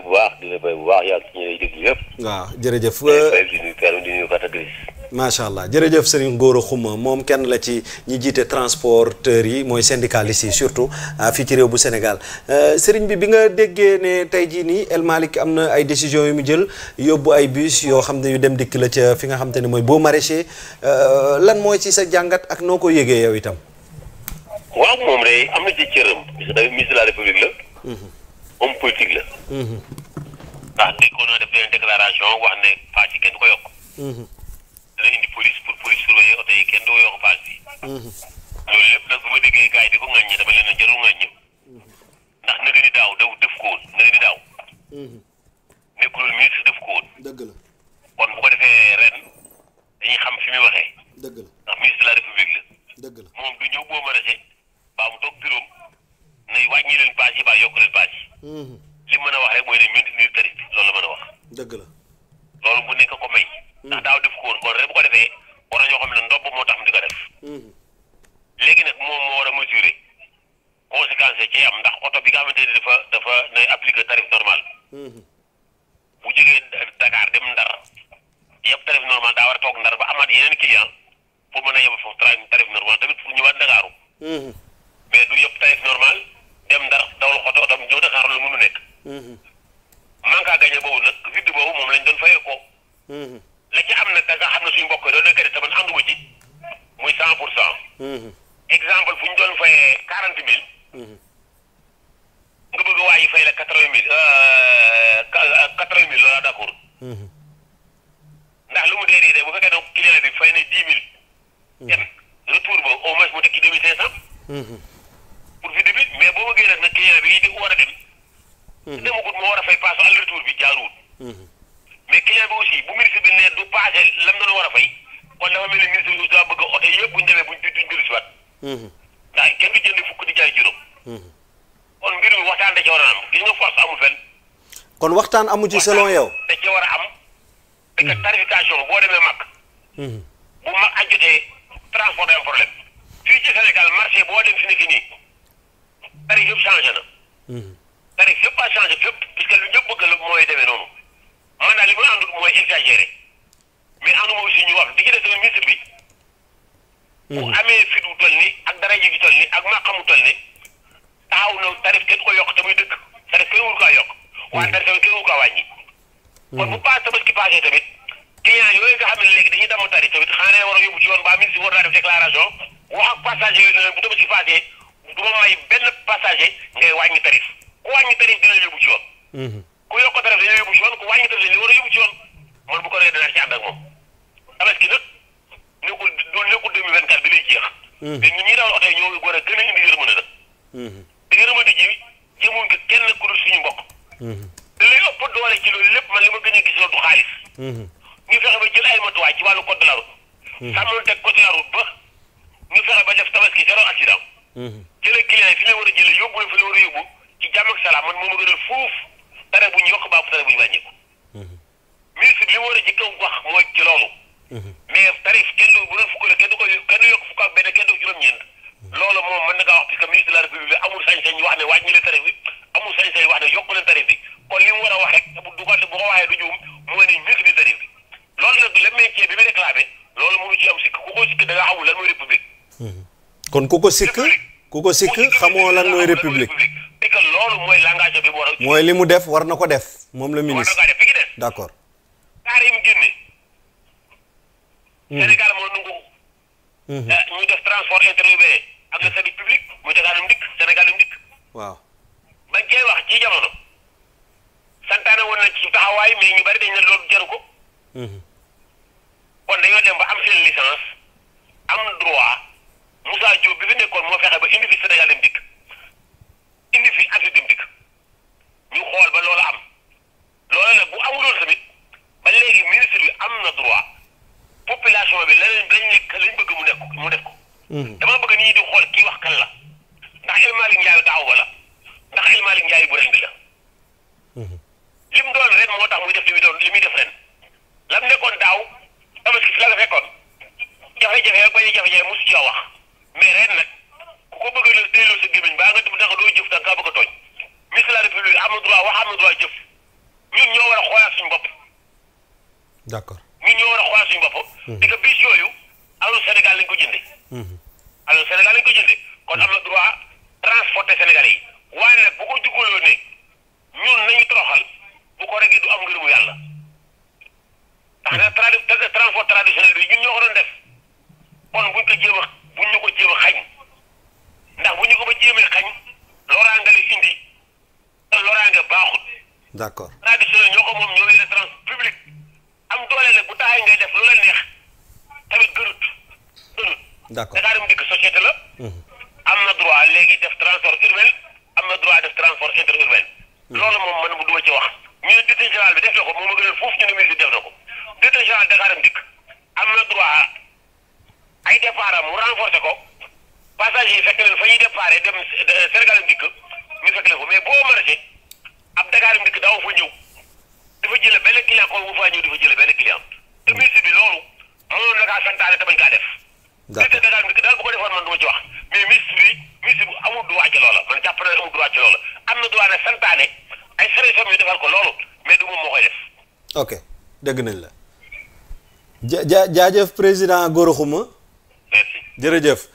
bu baax di la fay jërëjëf. di euh, macha allah jërëjëf Serigne Gora Xuma moom kenn la ci ñi jiite transporteurs yi mooy syndicalistes yi surtout ah, fii ci réew bu Sénégal euh, Serigne bi bi nga déggee ne tey jii nii El Malick am na ay décisions yu mu jël yóbbu ay bus yoo xam ne yu dem dikk la ca fi nga xam te mooy boo maraîcher euh, lan mooy ci sa jàngat ak noo ko yëgee yow itam. waaw moom de am na ci cëram. parce la république la. Mhm. homme politique la. Mhm. ndax nekkoon na def benn déclaration wax ne paas yi kenn du ko yokk. Mhm. dana indi police pour police surveiller oto yi kenn du ko yokk paas am ndax oto bi nga xamante ni dafa dafa na appliqué tarif normal mhm. bu jógee Dakar dem Ndar yëpp tarif normal daa war a toog Ndar ba amaat yeneen client pour mën a yem foofu tarif normal tamit pour ñëwaat Ndakaaru mhm. mais du yëpp tarif normal dem Ndar dawal xoto oto ñëw Dakar lu mënu nekk mhm. manque ka gagner boobu nag vide boobu moom lañ doon fayee ko la ci am nag da xam ne suñu mbokk yi doon nekkati tamit ànduma ci mooy cent pour cent exemple fu ñu doon fayee quarante mille nga bëgg waa yi fay la quatre vingt mille euh, euh, quatre vingt mille loolu d'accord mhm. ndax lu mu dee dee dee bu fekkee donc client bi fay na dix mille. dem mhm. retour ba au moins mu tekki deux mille cinq cent. Mhm. pour fi début mais boo bëggee nag nag client bi di war a dem. demagut moo war a fay passe aller retour bi jaaruwul. mais client bi aussi bu ministre bi ne du passé lam na war a fay kon dafa mel ni ministre bi aussi daa bëgg a oto yëpp bu ñu demee buñ duñ dellusiwaat. ndax kenn du jënd fukk di jaay kon waxtaan amu ci selon yow. dañ ci war a am. parce que hmm. tarification boo demee mag. Hmm. bu mag a jotee transport day am problème. fii ci Sénégal marché boo dem si nekk nii tarif yëpp changé na. Hmm. tarif yëpp a changé fépp puisque lu ñëpp bëgg la mooy demee noonu man daal li ma àndul mooy exagéré mais àndu ma aussi ñu wax di ci des ministre bi. bu amee fit wu toll nii ak dara ji bi toll nii ak maa xamu toll nii taxaw na tarif kenn ko yokk te muy tarif kenn wul kaa yokk. waaye personne kenn ku ko wàññi. Hmm. kon bu paas tabaski paasee tamit client yooyu nga xam ne léegi dañuy damm tari tamit xanaa ne war a yóbbu ci yoon ba ministre war naa def déclaration wax ak ngay wàññi tarif ku wàññi tarif dina yóbbu ci yoon. Hmm. ku yokk tarif dañoo yóbbu ci yoon ku wàññi tarif dañoo war a yóbbu ci yoon man bu ko defee dinaa bi lay jeex. te hmm. ñun ñi dawal oto yi ñoo war a gën a indi yërmande nag. te yërmande ji jëmuñ ko kenn ku dul suñu mbokk li ëpp doole ci loolu lépp man li ma gën a gisoo du xaalis. Mhm. ñu fexe ba jël ay matuwaay ci wàllu code de la route. Mhm. sàmm teg code ba ñu fexe ba def tabaski zéro accident. Mhm. jëlee client yi fi ñu war a jëlee yóbbu leen fi ñu a yóbbu ci jàmm ak salaam man moom a gënal fuuf tare bu ñu yokk baax tare bu ñu wàññi ko. ministre bi a jëkk a wax mooy ci loolu. mais tarif kenn du bu doon fukk la kenn du ko kenn du yokk fukk ak benn kenn du juróom-ñeent. loolu moom mën na kaa wax parce que ministre la république kon ku ko sikk ku ko sikk xamoo lan mooy république et que mooy langage bi war a. mooy li mu def war na ko def moom la ministre war na ko def fi def d' accord. saar yi mu génne. Hmm. Sénégal hmm. eh, def transport interurbain ak le service public muy Dakar Dem Dikk Sénégal Dem Dikk. wax ci jamono santaane ñu bari dañ ne loolu jaru ko. Hmm. kon dem ba am seen licence am droit. indi fi Sénégal dem dikk indi fi Afrique dem dikk ñu xool ba loola am loola nag bu amuloon tamit ba léegi ministre bi am na droit population bi leneen lañ nekk lañ bëgg mu nekk mu def ko. Mhm. dama bëgg nit ñi di xool kii wax kan la ndax El Malick Ndiaye daaw ba la ndax El Malick Ndiaye bu ren bi la. Mhm. lim doon ren moo tax muy def li muy def ren. amul droit jëf ñun ñoo war a xoolaat suñu bopp. d' accord ñun ñoo war a xoolaat suñu bopp. di hmm. ko bis yooyu alalu Sénégal lañ ko jëndee. Hmm. alalu Sénégal lañ ko jëndee kon am na droit transporter Sénégal. d'accord traditionnel ñoo ko moom ñoo yore trans public am doole nag bu taxay ngay def lu la neex tamit gënut gënut d'accord Dakar mu dikk la mhm. am na droit léegi def transport urbain am na droit def transport interurbain mhm. loolu moom man mu duma ci wax ñu ne directeur général ko moom ma gënal foofu ñu def na ko directeur général Dakar mu dikk am na droit ay départ am mu renforcer ko passagers yi fekk leen fa ñuy départ dem Sénégal mu dikk ñu fekk leen ko mais boo marché fa jëlee benn client. te ministre mm. bi loolu mënoon na kaa santaane te bañ kaa def. daal bu ko defoon man du ma ci wax mais ministre bi ministre bi amul droit ci loola man jàpp naa amul droit ci loola am na droit ne santaane ay solution yu defal ko loolu mais du moom moo koy def. ok dégg nañ la ja jaajëf président Gora Khouma. jërëjëf.